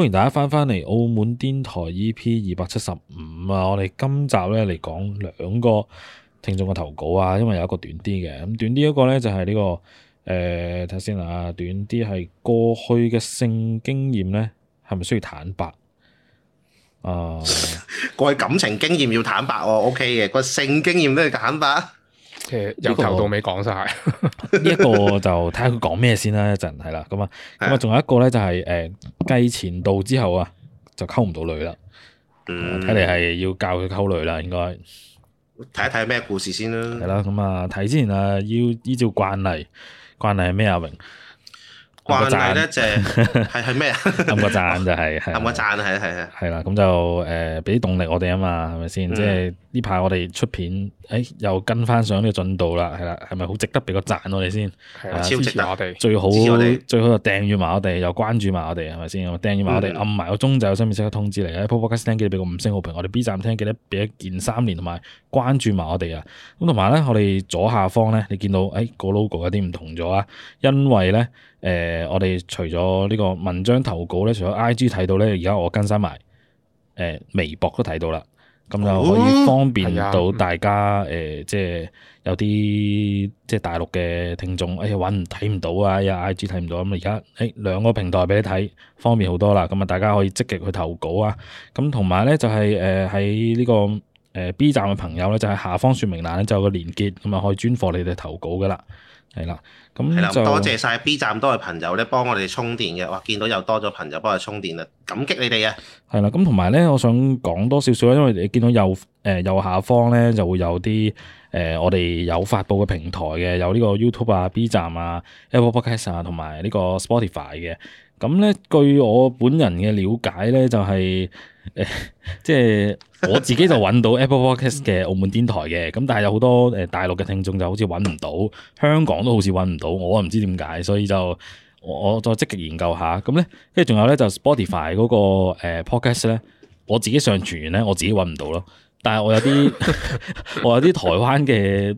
歡迎大家翻翻嚟澳門癲台 E.P. 二百七十五啊！我哋今集咧嚟講兩個聽眾嘅投稿啊，因為有一個短啲嘅，咁短啲一,一個咧就係呢、這個誒，睇先啊，短啲係過去嘅性經驗咧，係咪需要坦白啊？Uh, 過去感情經驗要坦白哦，OK 嘅，個性經驗都要坦白。其實，由頭到尾講晒呢一個就睇下佢講咩先啦，一陣係啦，咁啊，咁啊，仲有一個咧就係誒，繼前度之後啊，就溝唔到女啦，嗯，睇嚟係要教佢溝女啦，應該睇一睇咩故事先啦，係啦，咁啊，睇之前啊，要依照慣例，慣例係咩阿榮？阿話讚咧就係係咩啊？撳 個讚就係，撳個讚係係係係啦。咁就誒俾啲動力我哋啊嘛，係咪、嗯、先？即係呢排我哋出片，誒又跟翻上呢個進度啦，係啦，係咪好值得俾個讚我哋先？係啊，支持我哋。最好最好又訂閱埋我哋，又關注埋我哋，係咪先？訂閱埋我哋，撳埋、嗯、個鐘就有新消息通知嚟嘅。播 podcast 聽記得俾個五星好評，我哋 B 站聽記得俾一鍵三連，同埋關注埋我哋啊。咁同埋咧，我哋左下方咧，你見到誒、哎那個 logo 有啲唔同咗啊，因為咧。誒、呃，我哋除咗呢個文章投稿咧，除咗 IG 睇到咧，而家我更新埋誒、呃、微博都睇到啦，咁就可以方便到大家誒、哦呃，即係有啲即係大陸嘅聽眾，哎呀揾唔睇唔到啊、嗯，哎呀 IG 睇唔到，咁而家誒兩個平台俾你睇，方便好多啦，咁啊大家可以積極去投稿啊，咁同埋咧就係誒喺呢個誒、呃、B 站嘅朋友咧，就係、是、下方説明欄咧就有個連結，咁啊可以專訪你哋投稿㗎啦，係啦。係啦，多謝晒 B 站多嘅朋友咧，幫我哋充電嘅。哇，見到又多咗朋友幫我哋充電啦，感激你哋啊！係啦，咁同埋咧，我想講多少少，因為你見到右誒、呃、右下方咧就會有啲誒、呃、我哋有發布嘅平台嘅，有呢個 YouTube 啊、B 站啊、Apple Podcast 啊，同埋呢個 Spotify 嘅。咁咧，據我本人嘅了解咧，就係、是。誒， 即係我自己就搵到 Apple Podcast 嘅澳門癲台嘅，咁但係有好多誒大陸嘅聽眾就好似搵唔到，香港都好似搵唔到，我唔知點解，所以就我，我再積極研究下，咁咧跟住仲有咧就 Spotify 嗰、嗰個誒、呃、Podcast 咧，我自己上傳完咧我自己搵唔到咯，但係我有啲 我有啲台灣嘅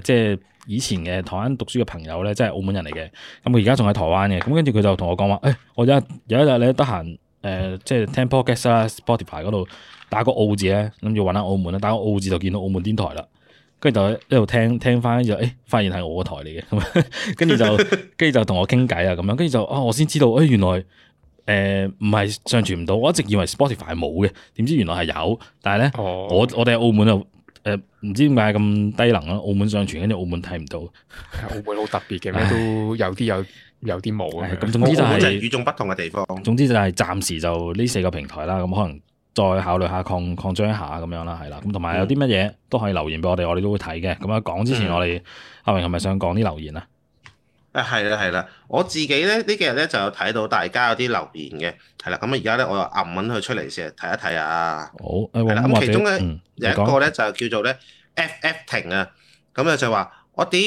誒即係以前嘅台灣讀書嘅朋友咧，即係澳門人嚟嘅，咁佢而家仲喺台灣嘅，咁跟住佢就同我講話，誒、欸，我有一有一日你得閒。誒、呃、即係聽 podcast 啦，Spotify 嗰度打個澳字咧，諗住揾下澳門啦，打個澳字就見到澳門癲台啦，跟住就一路聽聽翻就誒，發現係我個台嚟嘅，咁跟住就跟住就同、哦、我傾偈啊咁樣，跟住就啊我先知道，誒、欸、原來誒唔係上傳唔到，我一直以為 Spotify 冇嘅，點知原來係有，但係咧、哦、我我哋喺澳門就。誒，唔、呃、知點解咁低能咯？澳門上傳，跟住澳門睇唔到，澳門好特別嘅，咩 唉？都有啲有，有啲冇嘅。咁總之就係與眾不同嘅地方。總之就係暫時就呢四個平台啦，咁可能再考慮下擴擴張一下咁樣啦，係啦。咁同埋有啲乜嘢都可以留言俾我哋，我哋都會睇嘅。咁啊，講之前我哋阿明係咪想講啲留言啊？啊，係啦，係 啦樂，我自己咧呢幾日咧就有睇到大家有啲留言嘅，係啦，咁而家咧我又暗揾佢出嚟先睇一睇啊。好，係啦、嗯，咁、嗯嗯、其中咧你說 有一個咧就叫做咧 FF 停啊，咁啊、嗯、就話我屌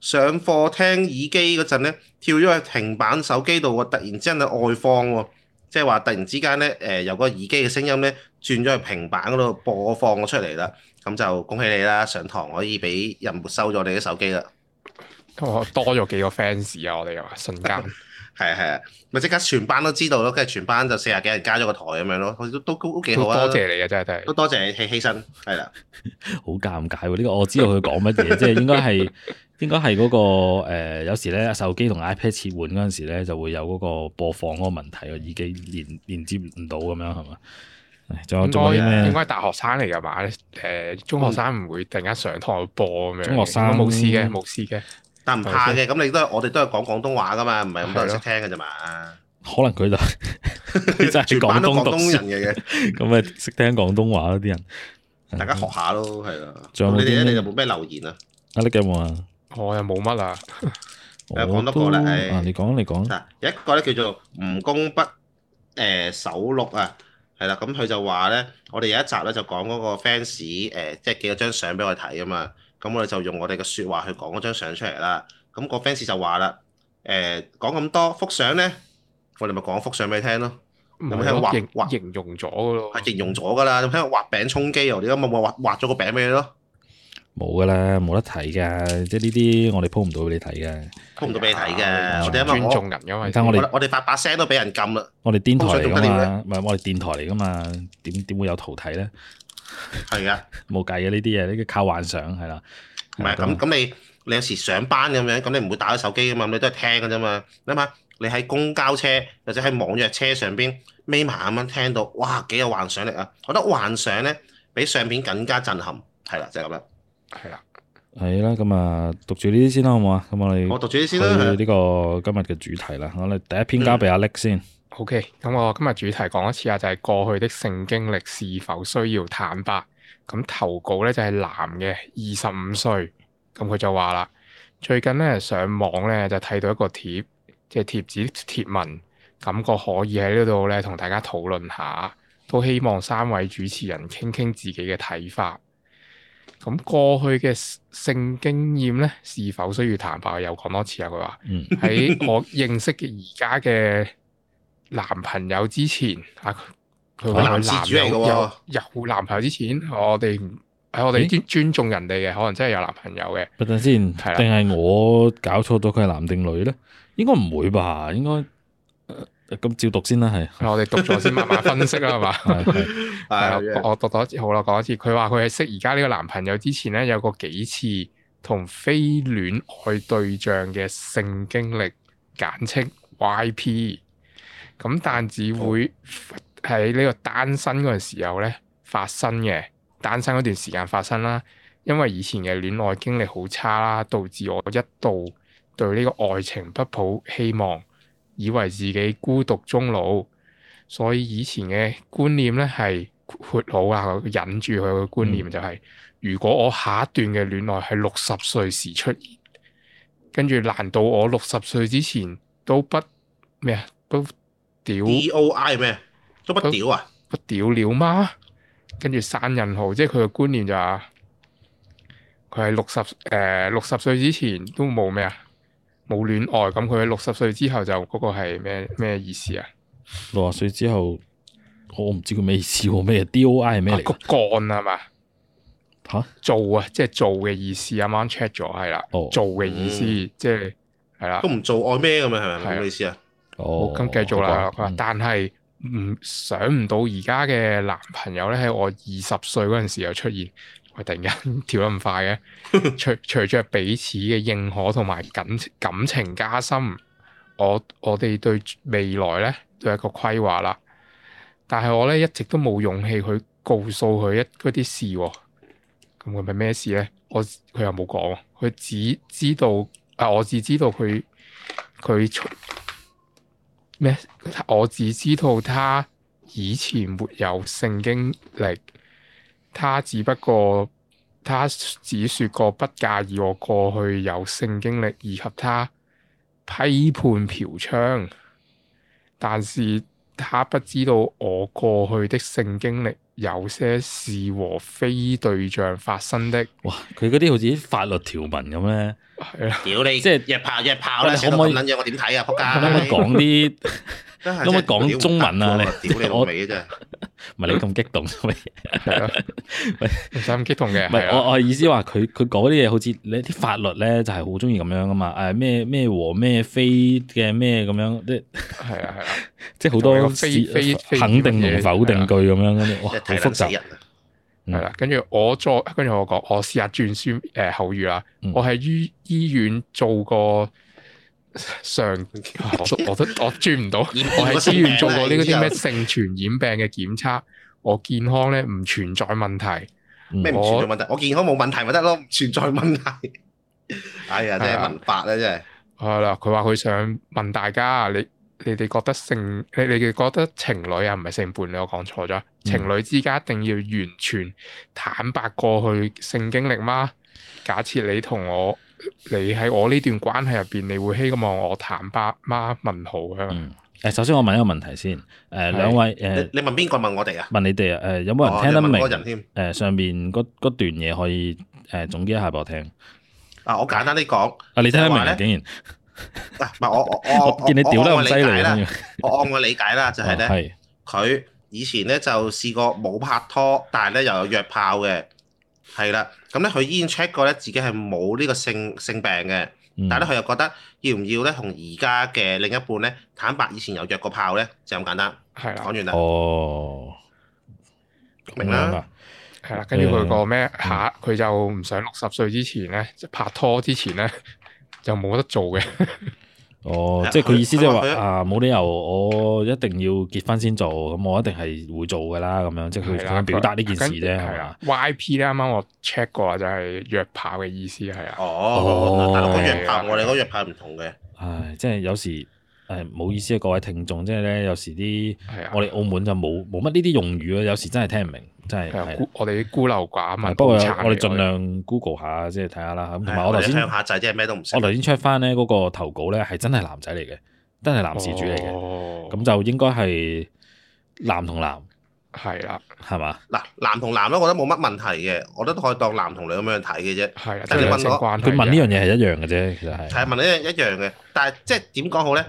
上課聽耳機嗰陣咧跳咗去平板手機度喎，突然之間喺外放喎，即係話突然之間咧誒由個耳機嘅聲音咧轉咗去平板嗰度播放咗出嚟啦，咁、嗯嗯嗯嗯、就恭喜你啦，上堂可以俾人冇收咗你嘅手機啦。多咗幾個 fans 啊！我哋又話，瞬間係啊係啊，咪即 刻全班都知道咯。跟住全班就四廿幾人加咗個台咁樣咯，都都幾好啊！多謝你啊，真係都多謝你犧牲係啦。好 尷尬喎，呢、這個我知道佢講乜嘢， 即係應該係應該係嗰個誒、呃，有時咧手機同 iPad 切換嗰陣時咧就會有嗰個播放嗰個問題，耳機連連接唔到咁樣係嘛？仲有仲該有咩？應該係大學生嚟噶嘛？誒、呃，中學生唔會突然間上台播咁樣。中學生冇事嘅，冇事嘅。但唔怕嘅，咁你都我哋都係講廣東話噶嘛，唔係咁多人識聽㗎啫嘛。可能佢就全班都廣東人嘅嘢，咁咪識聽廣東話嗰啲人，大家學下咯，係啦。仲有你哋咧就冇咩留言啊？阿 Nick 有冇啊？我又冇乜啦。講得過啦，係。啊，你講，你講。有一個咧叫做唔功不誒守錄啊，係啦，咁佢就話咧，我哋有一集咧就講嗰個 fans 誒，即係寄咗張相俾我睇啊嘛。咁我哋就用我哋嘅説話去講嗰張相出嚟啦。咁個 fans 就話啦，誒講咁多幅相咧，我哋咪講幅相俾你聽咯。有冇聽畫畫形容咗咯？係形容咗噶啦，點聽畫餅充飢啊？你而家咪咪畫畫咗個餅咩咯？冇噶啦，冇得睇噶，即係呢啲我哋 po 唔到俾你睇噶，po 唔到俾你睇噶，我哋係尊重人噶嘛。睇下我哋我哋發把聲都俾人禁啦，我哋電台嚟噶嘛，唔係我哋電台嚟噶嘛，點點會有圖睇咧？係啊，冇計嘅呢啲嘢，呢啲 靠幻想係啦。唔係咁咁，你你有時上班咁樣，咁你唔會打開手機噶嘛，你都係聽嘅啫嘛，諗下，你喺公交車或者喺網約車上邊，眯埋咁樣聽到，哇，幾有幻想力啊！我覺得幻想咧，比相片更加震撼，係啦，就係咁樣，係啦的，係啦，咁啊，讀住呢啲先啦，好唔好啊？咁我哋，我讀住呢啲先啦，係呢個今日嘅主題啦，我哋第一篇交俾阿力先，嗯。O K，咁我今日主題講一次啊，就係、是、過去的性經歷是否需要坦白？咁投稿咧就係、是、男嘅，二十五歲，咁佢就話啦，最近咧上網咧就睇到一個貼，即係帖子貼文，感覺可以喺呢度咧同大家討論下，都希望三位主持人傾傾自己嘅睇法。咁過去嘅性經驗咧是否需要坦白？又講多次啊，佢話，喺我認識嘅而家嘅。男朋友之前啊，佢話男嘅有有男朋友之前，我哋係咦我哋尊尊重人哋嘅，可能真係有男朋友嘅。等陣等先，係定係我搞錯咗佢係男定女呢？應該唔會吧？應該咁照讀先啦，係、啊、我哋讀咗先，慢慢分析啦，係嘛係我讀多一次好啦，講一次。佢話佢係識而家呢個男朋友之前呢，有過幾次同非戀愛對象嘅性經歷，簡稱 YP。咁但只會喺呢個單身嗰陣時候呢，發生嘅，單身嗰段時間發生啦。因為以前嘅戀愛經歷好差啦，導致我一度對呢個愛情不抱希望，以為自己孤獨終老。所以以前嘅觀念呢係闊好啊，忍住佢嘅觀念就係、是，嗯、如果我下一段嘅戀愛係六十歲時出現，跟住難道我六十歲之前都不咩啊？不屌 D.O.I 咩？都不屌啊？不屌了嗎？跟住散人號，即係佢嘅觀念就係，佢係六十誒六十歲之前都冇咩啊，冇戀愛，咁佢喺六十歲之後就嗰個係咩咩意思啊？六十歲之後，我唔知佢咩意思喎，咩 D.O.I 係咩嚟？係個幹啊嘛吓？做啊，即係做嘅意思，啱啱 check 咗係啦，做嘅意思，即係係啦，都唔做愛咩咁樣係咪？咩意思啊？哦，咁繼續啦，嗯、但係唔想唔到而家嘅男朋友咧喺我二十歲嗰陣時又出現，哇！突然間跳得咁快嘅，隨隨著彼此嘅認可同埋感感情加深，我我哋對未來咧都有一個規劃啦。但係我咧一直都冇勇氣去告訴佢一嗰啲事。哦，咁會係咩事咧？我佢又冇講，佢只知道啊，我只知道佢佢。我只知道他以前沒有性經歷，他只不過他只說過不介意我過去有性經歷，以及他批判嫖娼，但是他不知道我過去的性經歷。有些事和非對象發生的，哇！佢嗰啲好似啲法律條文咁咧，係啦，屌你，即係日炮、日炮啦，可唔可以諗嘢？我點睇啊，仆街！可唔可以講啲？可唔可以講中文啊？你屌你老味嘅啫，唔係你咁激動咩？唔使咁激動嘅？唔係我我意思話佢佢講啲嘢好似你啲法律咧就係好中意咁樣噶嘛？誒咩咩和咩非嘅咩咁樣啲？係啊係啊，即係好多非非肯定同否定句咁樣嗰啲，太複雜人，係啦、嗯，跟住我再跟住我講，我試下轉書誒口語啦。呃嗯、我係醫醫院做過上，我我我，我轉唔到。嗎我喺醫院做過呢嗰啲咩性傳染病嘅檢測，我健康咧唔存在問題，咩唔、嗯、我存在問題？我健康冇問題咪得咯，唔存在問題。 哎呀，真係文法咧、啊，真係、啊。係啦，佢話佢想問大家，你。你哋覺得性？你你哋覺得情侶啊，唔係性伴侶，我講錯咗。情侶之間一定要完全坦白過去性經歷嗎？假設你同我，你喺我呢段關係入邊，你會希望我坦白嗎？問號啊！嗯、首先我問一個問題先。誒、呃，是兩位誒、呃，你問邊個問我哋啊？問你哋啊！誒、呃，有冇人聽得明、哦？人誒、呃，上面嗰段嘢可以誒、呃、總結一下俾我聽。啊，我簡單啲講。啊，你聽得明？竟然。唔係、啊、我我我 我我我我見你屌得咁犀利啦，我按我理解啦， 我按我理解啦，就係、是、咧，佢、哦、以前咧就試過冇拍拖，但係咧又有約炮嘅，係啦，咁咧佢已經 check 過咧自己係冇呢個性性病嘅，但係咧佢又覺得要唔要咧同而家嘅另一半咧坦白以前有約過炮咧就咁簡單，係啦了，講完啦，哦，明啦，係啦，跟住佢個咩下佢就唔想六十歲之前咧、就是、拍拖之前咧就冇得做嘅。 哦，oh, 啊、即係佢意思即係話啊，冇理由他我一定要結婚先做，咁我一定係會做㗎啦，咁樣即係佢想表達呢件事啫，係啊。Y.P. 咧，啱啱我 check 過，就係、是、約炮嘅意思，係啊。哦、oh, oh,，但係嗰約炮我哋嗰約炮唔同嘅。係、啊，即係有時。係唔好意思啊！各位聽眾，即係咧有時啲我哋澳門就冇冇乜呢啲用語咯，有時真係聽唔明，真係。我哋啲孤陋寡聞。不過我哋盡量 Google 下，即係睇下啦。咁同埋我頭先鄉下仔，即係咩都唔識。我頭先 check 翻咧個投稿咧，係真係男仔嚟嘅，真係男事主嚟嘅。咁就應該係男同男，係啊，係嘛？嗱，男同男咧，我覺得冇乜問題嘅，我覺得可以當男同女咁樣睇嘅啫。係即係你問我，佢問呢樣嘢係一樣嘅啫，其實係。係問一一樣嘅，但係即係點講好咧？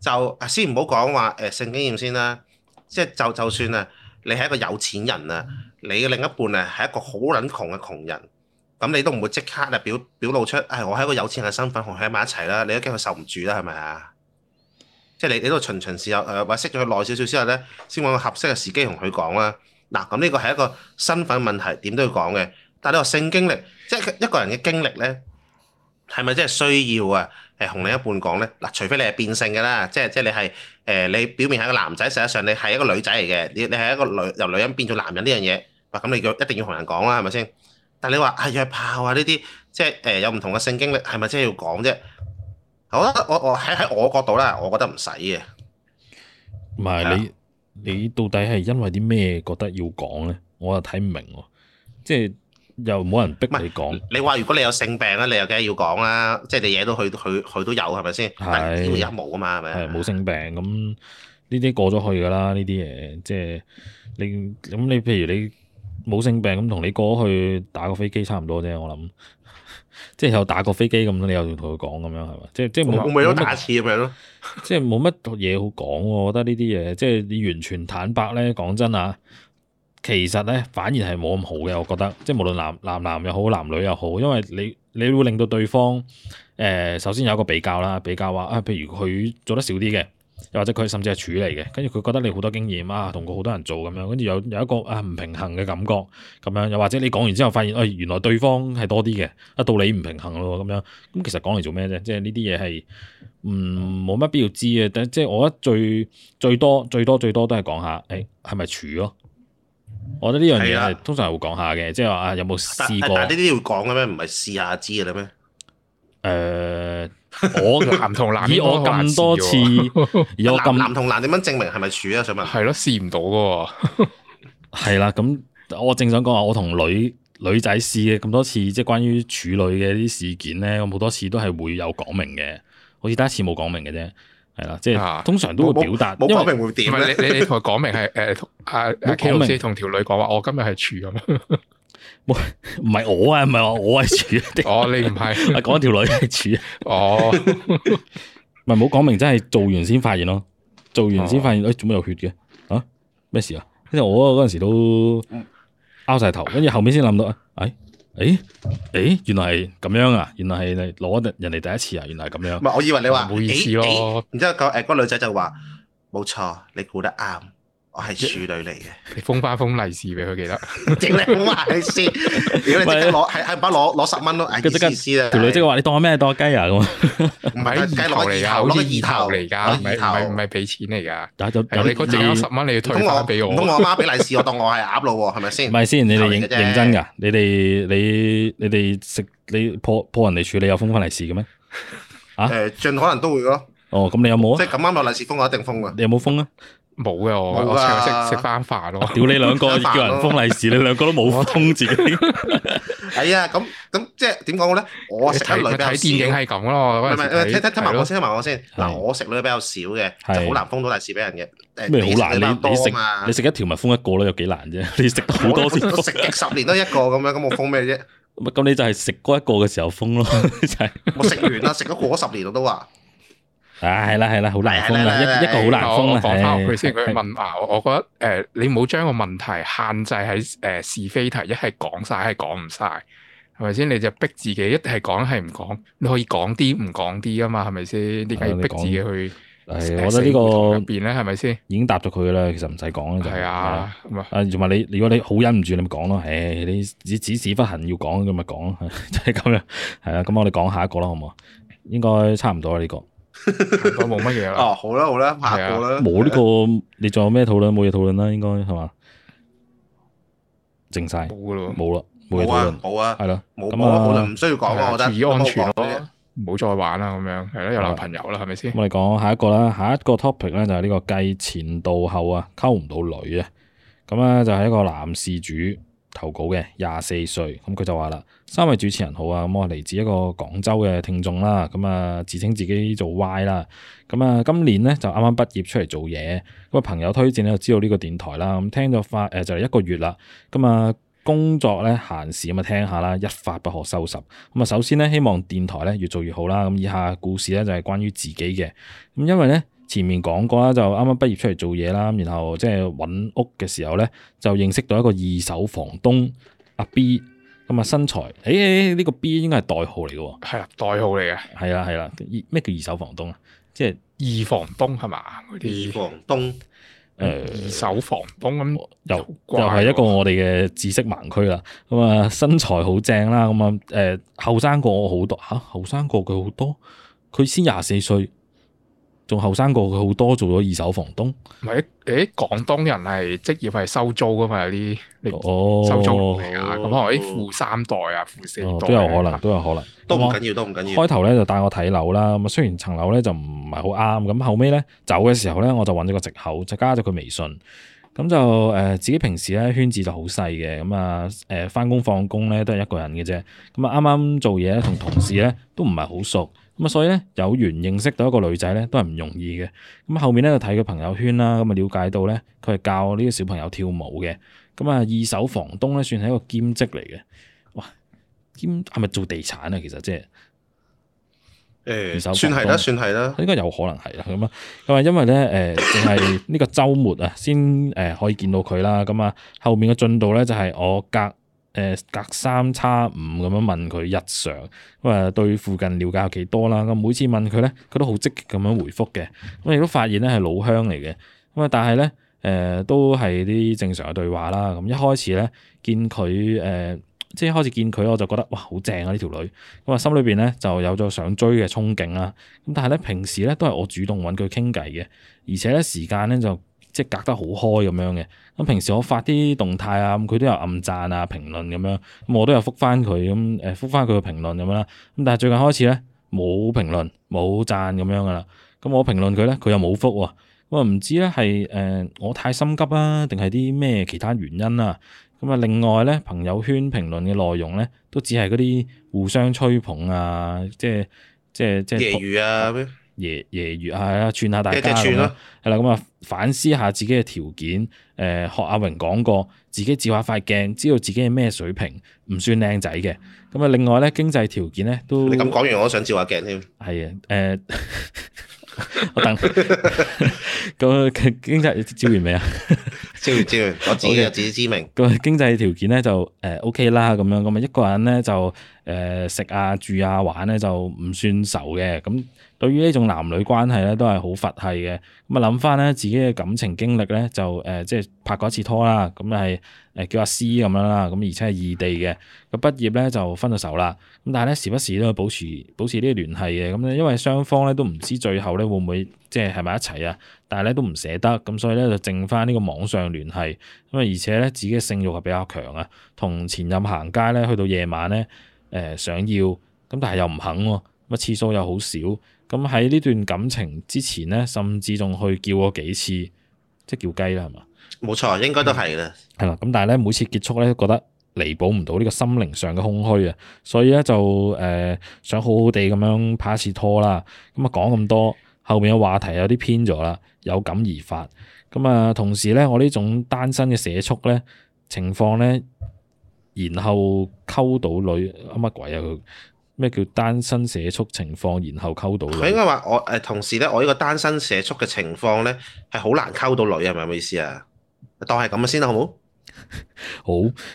就先唔好講話誒性經驗先啦，即係就就算啊，你係一個有錢人啊，嗯、你嘅另一半咧係一個好撚窮嘅窮人，咁你都唔會即刻啊表表露出，係、哎、我係一個有錢人嘅身份同佢喺埋一齊啦，你都驚佢受唔住啦，係咪啊？即係你你都循循善誘，或、呃、者識咗佢耐少少之後咧，先搵個合適嘅時機同佢講啦。嗱，咁呢個係一個身份問題，點都要講嘅。但係你話性經歷，即、就、係、是、一個人嘅經歷咧，係咪真係需要啊？誒同另一半講咧，嗱除非你係變性嘅啦，即係即係你係誒你表面係個男仔，實際上你係一個女仔嚟嘅，你你係一個女由女人變做男人呢樣嘢，嗱咁你要一定要同人講啦，係咪先？但你話係約炮啊呢啲，即係誒有唔同嘅性經歷，係咪真係要講啫？好啊我我喺喺我角度咧，我覺得唔使嘅。唔係你你到底係因為啲咩覺得要講咧？我啊睇唔明喎，即係。又冇人逼，唔係你講。你話如果你有性病咧，你又梗係要講啦，即係你嘢都去去去都有係咪先？係，有冇啊嘛係咪？冇性病咁呢啲過咗去噶啦，呢啲嘢即係你咁你譬如你冇性病咁，同你過去打個飛機差唔多啫，我諗，即係有打個飛機咁，你又要同佢講咁樣係咪？即係即係冇。為咗打次咪咯？ 即係冇乜嘢好講，我覺得呢啲嘢即係你完全坦白咧，講真啊。其實咧，反而係冇咁好嘅。我覺得即係無論男，男男男又好，男女又好，因為你你會令到對方誒、呃，首先有一個比較啦，比較話啊，譬如佢做得少啲嘅，又或者佢甚至係處嚟嘅，跟住佢覺得你好多經驗啊，同佢好多人做咁樣，跟住有有一個啊唔平衡嘅感覺咁樣，又或者你講完之後發現，誒、哎、原來對方係多啲嘅，一道理唔平衡咯咁樣。咁其實講嚟做咩啫？即係呢啲嘢係唔冇乜必要知嘅。即係我覺得最最多最多，最多，最，多最多都係講下誒係咪處咯。哎是不是不是我覺得呢樣嘢係通常係會講下嘅，即係話啊，有冇試過？呢啲要講嘅咩？唔係試下知嘅咩？誒、呃，我男同男，以我咁多次，我咁男同男點樣證明係咪處啊？想問係咯，試唔到嘅，係啦。咁我正想講話，我同女女仔試嘅咁多次，即係關於處女嘅啲事件咧，我好多次都係會有講明嘅，好似第一次冇講明嘅啫。係啦，即係通常都會表達，冇講明會點咧。 你你同佢講明係誒、呃，阿阿 K 老師同條女講話，我今日係處咁樣。冇，唔係我啊，唔係我係處啊，哦，你唔係，我講條女係處啊，哦，咪冇講明，真係做完先發現咯，做完先發現，誒、哎，做咩有血嘅？啊，咩事啊？跟住我嗰陣時都拗晒頭，跟住後面先諗到啊，哎。誒誒、哎，原來係咁樣啊！原來係你攞人哋第一次啊！原來係咁樣，啊。唔係，我以為你話唔，哎哎，好意思咯。然之後個誒個女仔就話，冇錯，你估得啱。」我係處女嚟嘅，你封翻封利是俾佢記得，整利是。如果你即刻攞，係係唔好攞攞十蚊咯。即刻意思啦，條女即係話你當我咩？當我雞啊咁？唔係雞頭嚟噶，攞個意頭嚟噶，唔係唔係唔係俾錢嚟噶。但係就由你嗰陣攞十蚊，你要退翻俾我。咁我媽俾利是，我當我係鴨咯，係咪先？唔係先，你哋認認真噶？你哋你你哋食你破破人哋處女有封翻利是嘅咩？啊？誒，盡可能都會咯。哦，咁你有冇啊？即係咁啱有利是封，我一定封噶。你有冇封啊？冇嘅我我食食翻飯咯，屌你兩個叫人封利是，你兩個都冇封自己。係啊，咁咁即係點講咧？我食女睇電影係咁咯。唔係唔係，聽聽聽埋我先，聽埋我先。嗱，我食女比較少嘅，就好難封到利是俾人嘅。咩難你食啊？你食一條咪封一個咯，有幾難啫？你食好多先。我食極十年都一個咁樣，咁我封咩啫？咁你就係食過一個嘅時候封咯，就係我食完啦，食咗過咗十年我都話。啊，係啦係啦，好難封啦，一一個好難封啦。我講翻佢先，佢問啊，我我覺得誒，你唔好將個問題限制喺誒是非題，一係講晒，係講唔晒，係咪先？你就逼自己一定係講係唔講，你可以講啲唔講啲噶嘛，係咪先？你梗係要逼自己去。我覺得呢個入邊咧，係咪先？已經答咗佢噶啦，其實唔使講啦就。係啊，咁啊，誒，同你，如果你好忍唔住，你咪講咯。誒，你指指屎忽痕要講，咁咪講咯，就係咁樣。係啊，咁我哋講下一個啦，好唔好？應該差唔多呢個。我冇乜嘢啦。哦，好啦好啦，下個啦。冇呢個，你仲有咩討論？冇嘢討論啦，應該係嘛？淨晒冇噶冇啦，冇嘢討論，冇啊，係咯，咁我就唔需要講啦。我覺得以安全咯，冇再玩啦，咁樣係啦，有男朋友啦，係咪先？我哋講下一個啦，下一個 topic 咧，就係呢個繼前到後啊，溝唔到女啊，咁咧就係一個男事主。投稿嘅廿四歲，咁佢就話啦：三位主持人好啊，咁我嚟自一個廣州嘅聽眾啦，咁啊自稱自己做 Y 啦，咁啊今年咧就啱啱畢業出嚟做嘢，咁啊朋友推薦咧就知道呢個電台啦，咁聽咗發誒就嚟一個月啦，咁啊工作咧閒時咁啊聽下啦，一發不可收拾。咁啊首先咧希望電台咧越做越好啦，咁以下故事咧就係關於自己嘅，咁因為咧。前面講過啦，就啱啱畢業出嚟做嘢啦，然後即係揾屋嘅時候咧，就認識到一個二手房東阿 B，咁啊身材，誒、哎、呢、呢個 B 應該係代號嚟嘅，係啊代號嚟嘅，係啦係啦，咩叫二手房東啊？即係二房東係嘛？啲二房東，誒、嗯、二手房東咁又又係一個我哋嘅知識盲區啦。咁啊身材好正啦，咁啊誒後生過我好多嚇，後、啊、生過佢好多，佢先廿四歲。仲後生過佢好多，做咗二手房東。唔係、哎，誒廣東人，係職業係收租噶嘛，有啲收租嚟啊，咁啊，誒富三代啊，富四代都有可能，都有可能，啊、麼都唔緊要，都唔緊要。開頭咧就帶我睇樓啦，咁啊雖然層樓咧就唔係好啱，咁後尾咧走嘅時候咧，我就揾咗個藉口，就加咗佢微信。咁就誒、呃，自己平時咧圈子就好細嘅，咁啊誒翻工放工咧都係一個人嘅啫。咁啊啱啱做嘢咧，同同事咧都唔係好熟。咁啊，所以咧有緣認識到一個女仔咧，都係唔容易嘅。咁啊，後面咧就睇佢朋友圈啦，咁啊了解到咧，佢係教呢啲小朋友跳舞嘅。咁啊，二手房東咧，算係一個兼職嚟嘅。哇，兼係咪做地產啊？其實即係誒，二手房東，算係啦，算係啦，應該有可能係啦。咁啊，咁啊，因為咧，誒、呃，淨係呢 個周末啊，先誒可以見到佢啦。咁啊，後面嘅進度咧，就係我隔。誒隔三差五咁樣問佢日常，咁啊對附近了解有幾多啦？咁每次問佢咧，佢都好積極咁樣回覆嘅。咁亦都發現咧係老鄉嚟嘅。咁啊，但係咧誒都係啲正常嘅對話啦。咁一開始咧見佢誒、呃，即一開始見佢我就覺得哇好正啊呢條女。咁啊心裏邊咧就有咗想追嘅憧憬啦。咁但係咧平時咧都係我主動揾佢傾偈嘅，而且咧時間咧就。即隔得好開咁樣嘅，咁平時我發啲動態啊，佢都有暗讚啊、評論咁樣，咁我都有覆翻佢，咁、呃、誒覆翻佢嘅評論咁啦。咁但係最近開始咧，冇評論、冇讚咁樣噶啦。咁我評論佢咧，佢又冇覆喎。咁啊唔知咧係誒我太心急啊，定係啲咩其他原因啊？咁啊另外咧，朋友圈評論嘅內容咧，都只係嗰啲互相吹捧啊，即係即係即係。夜夜月係啦，串下大家串咯，啊，係啦，咁啊反思下自己嘅條件。誒、呃，學阿榮講過，自己照下塊鏡，知道自己係咩水平，唔算靚仔嘅。咁啊，另外咧，經濟條件咧都你咁講完，我想照下鏡添。係啊，誒、呃， 我等了。咁 經濟照完未啊？照完， 照，完照完，我自己有自己知之明。個 經濟條件咧就誒 OK 啦，咁樣咁啊，一個人咧就誒食啊住啊玩咧就唔算愁嘅咁。對於呢種男女關係咧，都係好佛系嘅。咁啊，諗翻咧自己嘅感情經歷咧，就誒、呃、即係拍過一次拖啦。咁係誒叫阿師咁樣啦。咁而且係異地嘅。咁畢業咧就分咗手啦。咁但係咧時不時都要保持保持呢個聯繫嘅。咁咧因為雙方咧都唔知最後咧會唔會即係係咪一齊啊。但係咧都唔捨得。咁所以咧就剩翻呢個網上聯繫。咁啊而且咧自己嘅性慾係比較強啊。同前任行街咧，去到夜晚咧誒、呃、想要，咁但係又唔肯喎。咁啊次數又好少。咁喺呢段感情之前呢，甚至仲去叫過幾次，即叫雞啦，係嘛？冇錯，應該都係啦。係啦、嗯，咁但係咧，每次結束咧，都覺得彌補唔到呢個心靈上嘅空虛啊，所以咧就誒、呃、想好好地咁樣拍一次拖啦。咁啊講咁多，後面嘅話題有啲偏咗啦，有感而發。咁、嗯、啊，同時咧，我呢種單身嘅社畜咧情況咧，然後溝到女乜鬼啊佢？咩叫單身社畜情況？然後溝到女佢應該話我誒，同時咧，我呢個單身社畜嘅情況咧係好難溝到女，係咪咁嘅意思啊？當係咁先啦，好唔好？ 好，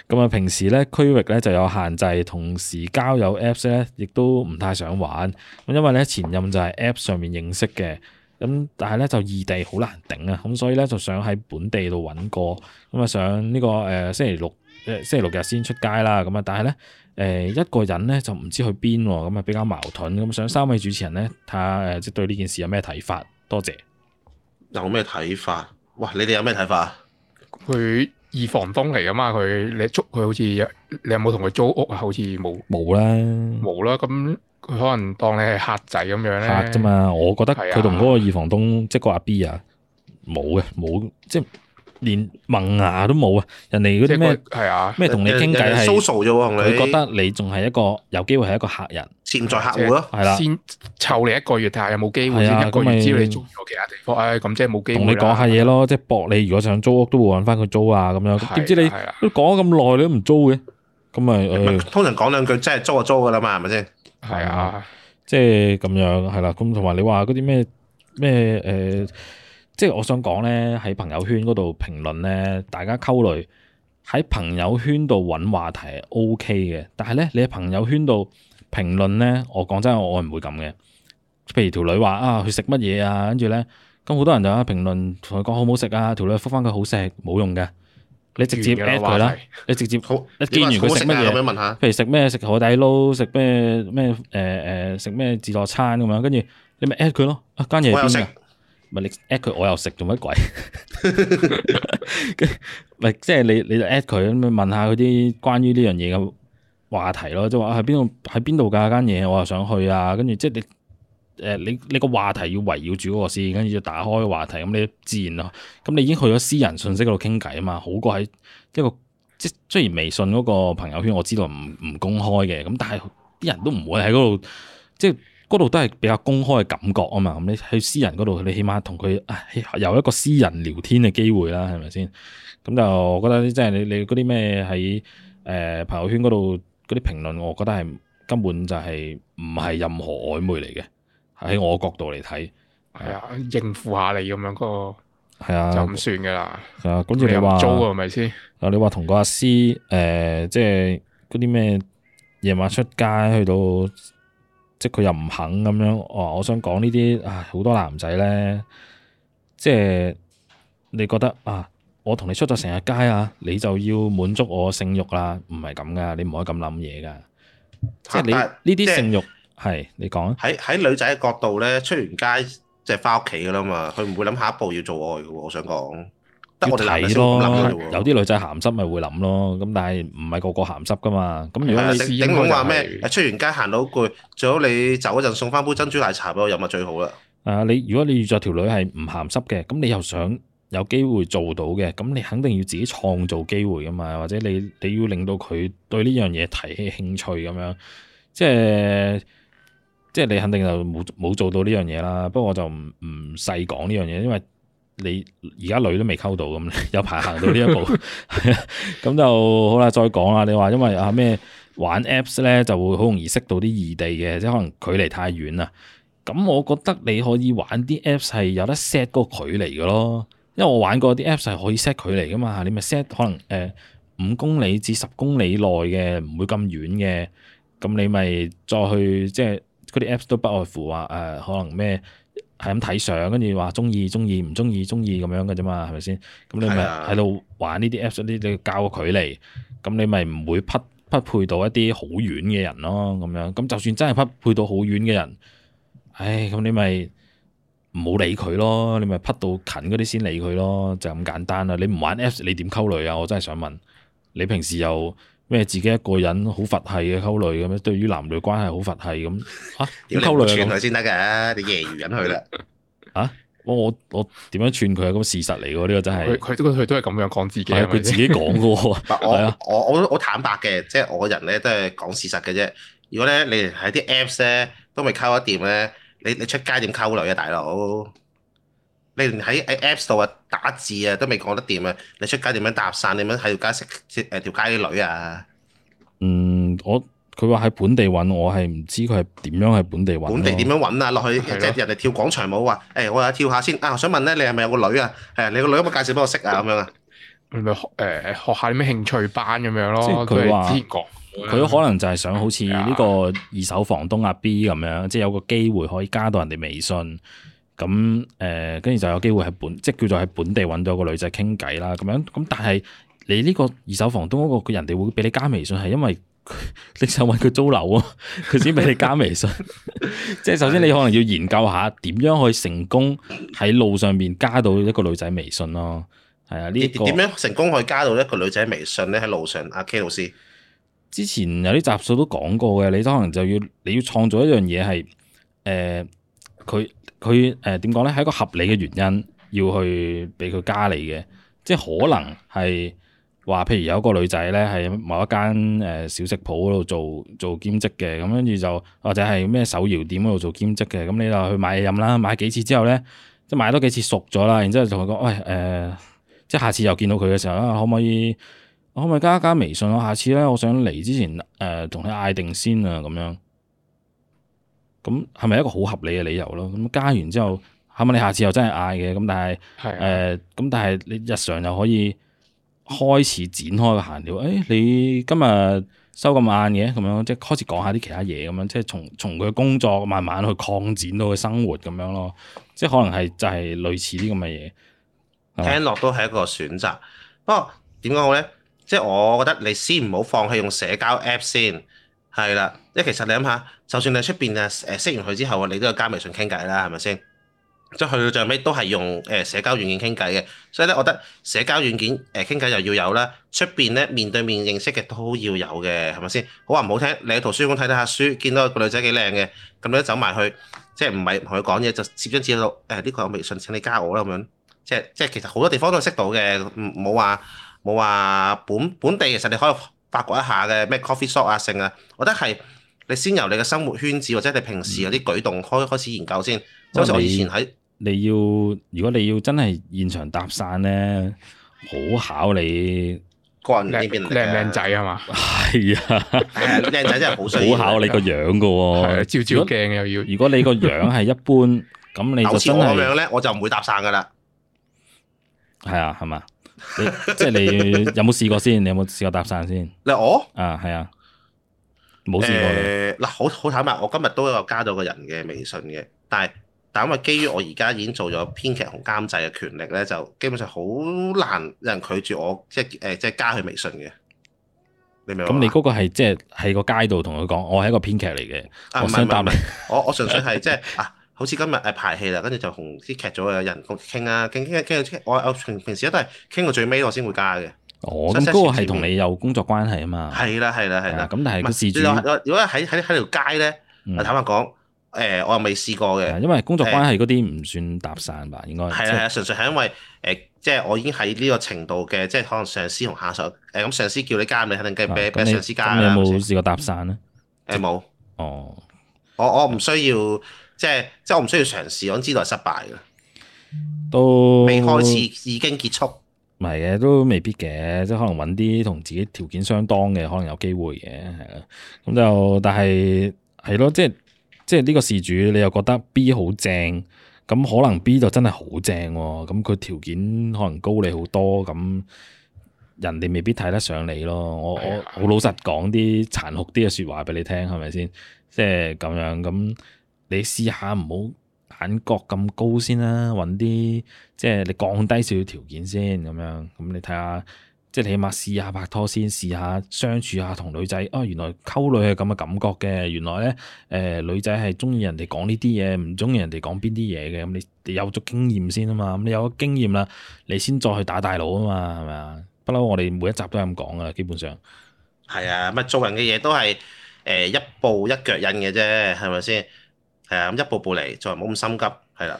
咁啊，平時咧區域咧就有限制，同時交友 apps 咧亦都唔太想玩，咁因為咧前任就係 apps 上面認識嘅，咁但係咧就異地好難頂啊，咁所以咧就想喺本地度揾個，咁啊想呢、這個誒、呃、星期六、呃、星期六日先出街啦，咁啊但係咧。誒，一個人咧就唔知去邊，咁啊比較矛盾。咁想三位主持人咧睇下，誒，即係對呢件事有咩睇法？多謝。有咩睇法？哇！你哋有咩睇法啊？佢二房東嚟噶嘛？佢你捉佢好似，你有冇同佢租屋啊？好似冇冇啦，冇啦。咁佢可能當你係客仔咁樣咧。客啫嘛，我覺得佢同嗰個二房東，的即係個阿 B 啊，冇嘅，冇即。連萌芽都冇啊！人哋嗰啲咩係啊咩，同你傾偈係 social 啫喎，佢覺得你仲係一個有機會係一個客人，潛在客戶咯。係啦，先湊你一個月睇下有冇機會先。一個月之後你租咗其他地方，哎咁即係冇機會。同你講下嘢咯，即係博你。如果想租屋都會揾翻佢租啊咁樣。點知你都講咗咁耐，你都唔租嘅。咁咪通常講兩句，真係租就租噶啦嘛，係咪先？係啊，即係咁樣係啦。咁同埋你話嗰啲咩咩誒？即係我想講咧，喺朋友圈嗰度評論咧，大家溝女喺朋友圈度搵話題 OK 嘅，但係咧你喺朋友圈度評論咧，我講真，我唔會咁嘅。譬如條女話啊去食乜嘢啊，跟住咧，咁好多人就喺評論同佢講好唔好食啊。條女覆翻佢好食，冇用嘅。你直接 at 佢啦，你直接好，你見完佢食乜嘢，譬如食咩食海底撈，食咩咩誒誒食咩自助餐咁樣，跟住你咪 at 佢咯。啊間嘢邊嘅？咪你 at 佢我又食做乜鬼？咪即係你你就 at 佢咁樣問下佢啲關於呢樣嘢嘅話題咯，即係話喺邊度喺邊度噶間嘢，我又想去啊。跟住即係你誒，你你個話題要圍繞住嗰個先，跟住就打開話題，咁你自然咯。咁你已經去咗私人信息嗰度傾偈啊嘛，好過喺一個即係雖然微信嗰個朋友圈我知道唔唔公開嘅，咁但係啲人都唔會喺嗰度即係。嗰度都係比較公開嘅感覺啊嘛，咁你去私人嗰度，你起碼同佢有一個私人聊天嘅機會啦，係咪先？咁就我覺得即係你你嗰啲咩喺誒朋友圈嗰度嗰啲評論，我覺得係根本就係唔係任何曖昧嚟嘅，喺我角度嚟睇。係啊、哎，應付下你咁樣、那個係啊，就咁算嘅啦。係啊，跟住你話租係咪先？啊，你話同個阿師誒、呃，即係嗰啲咩夜晚出街去到。即佢又唔肯咁樣，我、哦、我想講呢啲啊，好多男仔咧，即係你覺得啊，我同你出咗成日街啊，你就要滿足我性慾啦，唔係咁噶，你唔可以咁諗嘢噶。即係你呢啲是性慾係、就是、你講喺喺女仔嘅角度咧，出完街就翻屋企噶啦嘛，佢唔會諗下一步要做愛噶喎，我想講。要睇咯，有啲女仔鹹濕咪會諗咯，咁但係唔係個個鹹濕噶嘛。咁、嗯、如果你、就係，頂講話咩？出完街行到攰，最好你走嗰陣送翻杯珍珠奶茶俾我飲咪最好啦。誒、啊，你如果你遇著條女係唔鹹濕嘅，咁你又想有機會做到嘅，咁你肯定要自己創造機會噶嘛。或者你你要令到佢對呢樣嘢提起興趣咁樣，即係即係你肯定就冇冇做到呢樣嘢啦。不過我就唔唔細講呢樣嘢，因為。你而家女都未溝到咁， 有排行到呢一步， 咁 就好啦。再講啦，你話因為啊咩玩 Apps 咧，就會好容易識到啲異地嘅，即係可能距離太遠啊。咁我覺得你可以玩啲 Apps 係有得 set 個距離嘅咯，因為我玩過啲 Apps 係可以 set 距離噶嘛，你咪 set 可能誒五公里至十公里內嘅，唔會咁遠嘅。咁你咪再去即係嗰啲 Apps 都不外乎話誒、呃、可能咩？係咁睇相，跟住話中意中意唔中意中意咁樣嘅啫嘛，係咪先？咁、嗯嗯、你咪喺度玩呢啲 Apps，呢你較個距離，咁你咪唔會匹匹配到一啲好遠嘅人咯，咁樣。咁就算真係匹配到好遠嘅人，唉，咁你咪唔好理佢咯，你咪匹到近嗰啲先理佢咯，就咁簡單啦，啊。你唔玩 Apps，你點溝女啊？我真係想問，你平時又咩自己一個人好佛系嘅溝女咁樣，對於男女關係好佛系咁嚇？點溝女啊？你串佢先得噶，你夜餘人去啦嚇！我我我點樣串佢啊？咁事實嚟喎，呢個真係佢佢佢都係咁樣講自己，佢自己講噶喎。我我我坦白嘅，即係我人咧都係講事實嘅啫。如果咧你喺啲 Apps 咧都未溝得掂咧，你你出街點溝女啊，大佬？喺 Apps 度啊，打字啊都未講得掂啊！你出街點樣搭訕？你樣喺條街識識誒條街啲女啊？嗯，我佢話喺本地揾，我係唔知佢係點樣喺本地揾。本地點樣揾啊？落去即係人哋跳廣場舞啊！誒的、哎，我又跳下先啊！想問咧，你係咪有個女啊？誒，你個女有冇介紹俾我識啊？咁樣啊？咪、嗯嗯嗯嗯、學誒、呃、學下咩興趣班咁樣咯？即係佢話，知覺佢可能就係想好似呢個二手房東阿 B 咁樣，的即係有個機會可以加到人哋微信。咁誒，跟住、嗯、就有機會喺本，即係叫做喺本地揾到個女仔傾偈啦。咁樣，咁但係你呢個二手房東嗰、那、佢、個、人哋會俾你加微信係因為你想揾佢租樓啊，佢先俾你加微信。微信 即係首先你可能要研究下點樣去成功喺路上面加到一個女仔微信咯。係、這、啊、個，呢點樣成功可以加到一個女仔微信呢？喺路上，阿 K 老師之前有啲集數都講過嘅，你可能就要你要創造一樣嘢係誒佢。呃佢誒點講咧？係、呃、一個合理嘅原因要去俾佢加你嘅，即係可能係話，譬如有一個女仔咧，喺某一間誒、呃、小食鋪嗰度做做兼職嘅，咁跟住就或者係咩手搖店嗰度做兼職嘅，咁你就去買嘢飲啦，買幾次之後咧，即係買多幾次熟咗啦，然之後同佢講，喂、哎、誒、呃，即係下次又見到佢嘅時候啦，可唔可以？可唔可以加一加微信、啊？我下次咧，我想嚟之前誒同佢嗌定先啊，咁樣。咁係咪一個好合理嘅理由咯？咁加完之後，係咪你下次又真係嗌嘅？咁但係誒，咁係、呃、但係你日常又可以開始展開個閒聊。誒、哎，你今日收咁晏嘅咁樣，即係開始講下啲其他嘢咁樣，即係從從佢工作慢慢去擴展到佢生活咁樣咯。即係可能係就係、係、類似啲咁嘅嘢，聽落都係一個選擇。不過點講好咧？即係、就係、我覺得你先唔好放棄用社交 app 先。係啦，即係其實你諗下，就算你出邊啊，誒，識完佢之後啊，你都要加微信傾偈啦，係咪先？即係去到最後尾都係用誒社交軟件傾偈嘅，所以咧，我覺得社交軟件誒傾偈又要有啦，出邊咧，面對面認識嘅都要有嘅，係咪先？好話唔好聽，你去圖書館睇睇下書，見到個女仔幾靚嘅，咁你都走埋去，即係唔係同佢講嘢就攝張照到誒？呢個有微信，請你加我啦咁樣，即係即係其實好多地方都識到嘅，唔冇話冇話本本地，其實你可以發掘一下嘅咩 coffee shop 啊，剩啊，我覺得係你先由你嘅生活圈子或者你平時有啲舉動開開始研究先。即係我以前喺你要如果你要真係現場搭訕咧，好考你個人呢邊靚靚靚仔啊嘛。係啊，靚仔真係好需要。好考你個樣噶喎，照照鏡又要。如果你個樣係一般，咁你就咁樣咧，我就唔會搭訕噶啦。係啊，係嘛？ 你即係你有冇試過先？你有冇試過搭訕先？嗱我啊係啊，冇試過。嗱，好好坦白，我今日都有加咗個人嘅微信嘅，但係但係因為基於我而家已經做咗編劇同監製嘅權力咧，就基本上好難有人拒絕我，即係誒、呃、即係加佢微信嘅。你明？咁你嗰個係即係喺個街度同佢講，我係一個編劇嚟嘅。我想答你，我我純粹係即係。好似今日誒排戲啦，跟住就同啲劇組嘅人講傾啦，傾傾傾傾。我我平平時咧都係傾到最尾，我先會加嘅。哦，咁嗰個係同你有工作關係啊嘛。係啦，係啦，係啦。咁但係個事主，如果喺喺喺條街咧，坦白講，誒我又未試過嘅。因為工作關係嗰啲唔算搭訕吧，應該係係啊，純粹係因為誒，即係我已經喺呢個程度嘅，即係可能上司同下屬誒咁，上司叫你加你，肯定梗係俾俾上司加啦。有冇試過搭訕咧？誒冇。哦。我我唔需要。即係即係，我唔需要嘗試，我知道係失敗嘅，都未開始已經結束。唔係嘅，都未必嘅，即係可能揾啲同自己條件相當嘅，可能有機會嘅，係啊。咁就但係係咯，即係即係呢個事主，你又覺得 B 好正，咁可能 B 就真係好正喎。咁佢條件可能高你好多，咁人哋未必睇得上你咯。我的我好老實講啲殘酷啲嘅説話俾你聽，係咪先？即係咁樣咁。你試下唔好眼角咁高先啦、啊，揾啲即係你降低少少條件先咁樣。咁你睇下，即係起碼試下拍拖先，試下相處下同女仔啊。原來溝女係咁嘅感覺嘅。原來咧，誒、呃、女仔係中意人哋講呢啲嘢，唔中意人哋講邊啲嘢嘅。咁你有咗經驗先啊嘛。咁你有咗經驗啦，你先再去打大佬啊嘛，係咪啊？不嬲，我哋每一集都係咁講啊，基本上係啊，咪做人嘅嘢都係誒、呃、一步一腳印嘅啫，係咪先？誒咁一步步嚟，就唔好咁心急，係啦。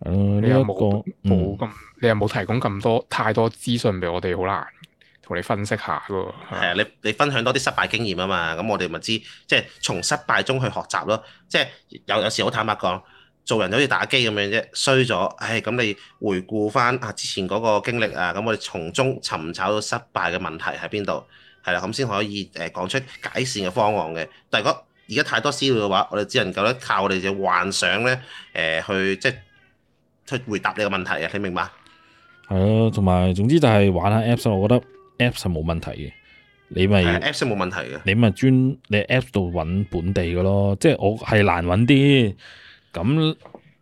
誒、嗯，你又冇冇咁，嗯、你又冇提供咁多太多資訊俾我哋，好難同你分析下喎。係啊，你你分享多啲失敗經驗啊嘛，咁我哋咪知，即係從失敗中去學習咯。即係有有時好坦白講，做人好似打機咁樣啫，衰咗，誒、哎、咁你回顧翻啊之前嗰個經歷啊，咁我哋從中尋找到失敗嘅問題喺邊度，係啦，咁先可以誒講出改善嘅方案嘅。但係嗰而家太多資料嘅話，我哋只能夠咧靠我哋嘅幻想咧，誒去即係去回答你嘅問題啊！你明嗎？係咯，同埋總之就係玩下 Apps，我覺得 Apps 係冇問題嘅。你咪 Apps 都冇問題嘅，你咪專你喺 Apps 度揾本地嘅咯，即係我係難揾啲咁。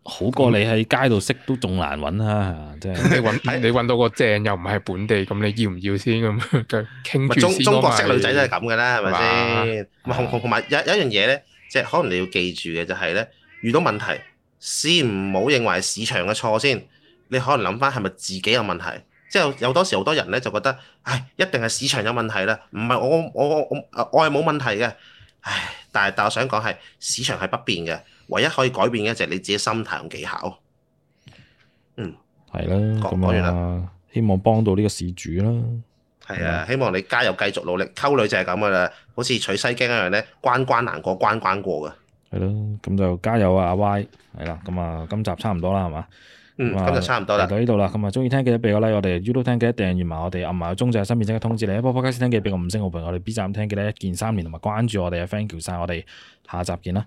好過你喺街度識都仲難揾啊！即係 你揾你揾到個正又唔係本地，咁你要唔要先咁傾 先中，中國式女仔都係咁嘅啦，係咪先？同同埋有一樣嘢呢，即係可能你要記住嘅就係、是、呢，遇到問題先唔好認為市場嘅錯先，你可能諗翻係咪自己有問題？即係有多時好多人呢，就覺得，唉，一定係市場有問題啦，唔係我我我係冇問題嘅，唉，但係但我想講係市場係不變嘅。唯一可以改變嘅就係你自己心態同技巧。嗯，係啦、啊，講完啦。希望幫到呢個事主啦。係啊，希望你加油繼續努力。溝女就係咁噶啦，好似取西經一樣咧，關關難過關關過噶。係咯、啊，咁就加油啊，阿歪。係啦，咁啊，今集差唔多啦，係嘛？嗯，咁就差唔多啦。到呢度啦，咁啊，鍾意聽記得俾個、Like，我 l 我哋 YouTube 聽記得訂閱埋，我哋按埋鐘就係新片先嘅通知你。Apple Podcast 聽記得俾個五星好評，我哋 B 站聽記得一鍵三連同埋關注我哋 Thank you 晒，我哋下集見啦。